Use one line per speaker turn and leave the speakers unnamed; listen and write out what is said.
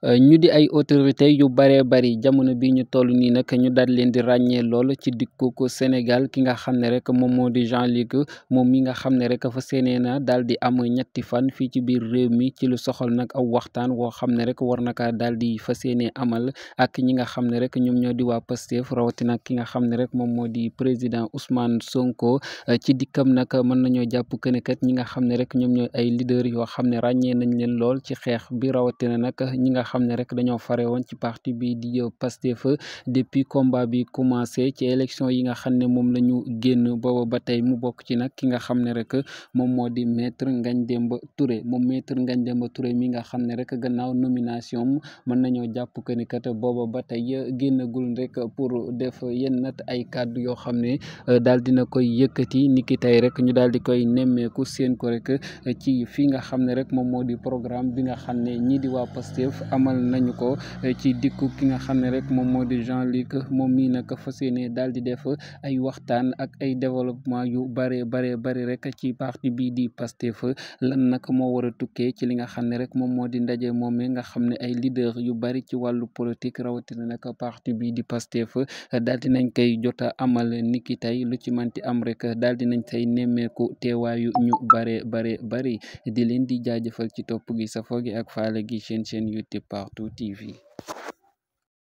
ñu di ay autorité yu bëree bëri jamono bi ñu toll nii nag ñu daal leen di ràññee lool ci dikku Sénégal ki nga xam ne rek moom moo di Jean Luc moom mi nga xam ne rek fa séenee na daal di am ñetti fan fii ci biir réew mi ci lu soxal nag aw waxtaan woo xam ne rek war na kaa daal di fa séenee amal ak ñi nga xam ne rek ñoom ñoo di waa Pastef rawatina ki nga xam ne rek moom moo di président Ousmane Sonko eh, ci dikkam nag mën nañoo jàpp ne kat ñi nga xam ne rek ñoom ñooy ay leader yoo xam ne ràññee nañ leen lool ci xeex bi rawatina nag ñi nga xam ne rek dañoo fare woon ci parti bi di euh, fa depuis combat bi commencé ci élection yi nga xam ne moom la ñu génn booba ba tey mu bokk ci nag ki nga xam ne rek moom moo di maître Ngagne Demba Touré moom maître Ngagne Demba Touré mi nga xam ne rek gannaaw nomination m mën nañoo jàpp que ni kat booba ba tey génnagul rek pour def yenn nat ay kàddu yoo xam ne euh, daal dina koy yëkkati niki tey rek ñu daal di koy nemmeeku seen ko rek ci fi nga xam ne rek moom moo di programme bi nga xam ne ñii amal nañu ko eh, ci dikku ki nga xam ne rek moom moo di jean lique moom mii nag fas yéene daal di def ay waxtaan ak ay développement yu bare bare bare rek ci parti bii di fa lan nag moo war a tukkee ci li nga xam ne rek moom moo di ndaje moomee nga xam ne ay leader yu bari ci wàllu politique rawatina nag parti bii di Pastef daal di nañ koy jot a amal niki tey lu ci manti am rek daal di nañ say nemmeeku teewaayu ñu bare bare bari di leen di jaajëfal ci topp gi safoo gi ak faale gi seen seen YouTube Partout TV